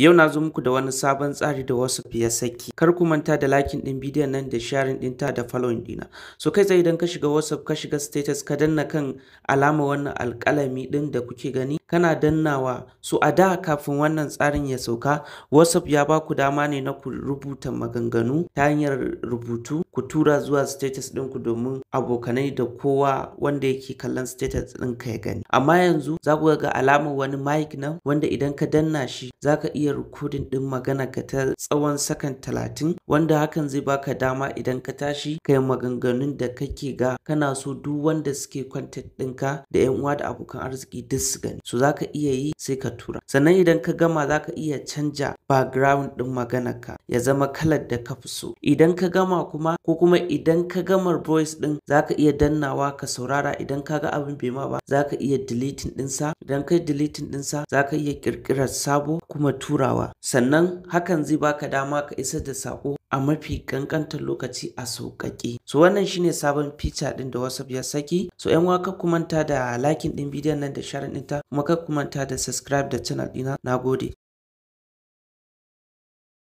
Yau na zo muku da wani sabon tsari da wasu ya saki. Kar ku manta da likin din bidiyon nan da sharing ɗinta da following dina So kai tsaye idan ka shiga WhatsApp ka shiga status ka danna kan alama wannan alƙalami ɗin da kuke gani kana dannawa. So a da kafin wannan tsarin ya sauka WhatsApp ya ba ku dama ne na ku rubuta maganganu ta hanyar rubutu ku tura zuwa status ɗinku domin abokanai da kowa wanda yake kallon status ɗinka ya gani amma yanzu za ku ga alamar wani mic nan wanda idan ka danna shi za ka iya recording ɗin magana ka ta tsawon sakan talatin wanda hakan zai baka dama idan ka tashi kai maganganun da kake ga kana so duk wanda suke kwantar ɗinka da yan uwa da abokan arziki duk su gani so zaka iya yi sai ka tura sannan idan ka gama zaka iya canja background ɗin maganarka ya zama kalar da ka fi so idan ka gama kuma ko kuma idan ka gama voice ɗin zaka iya dannawa ka saurara idan ka ga abin bai ma ba zaka iya deleting ɗinsa idan kai deleting ɗinsa zaka iya ƙirƙirar sabo kuma turawa sannan hakan zai baka dama ka isar da sako a mafi kankantar lokaci a sauƙaƙe. So wannan shine sabon fica din da WhatsApp ya saki. So ƴan ka ku manta da lakin ɗin bidiyon nan da sharing ɗinta kuma kar ku manta da subscribe da channel ɗina. Nagode.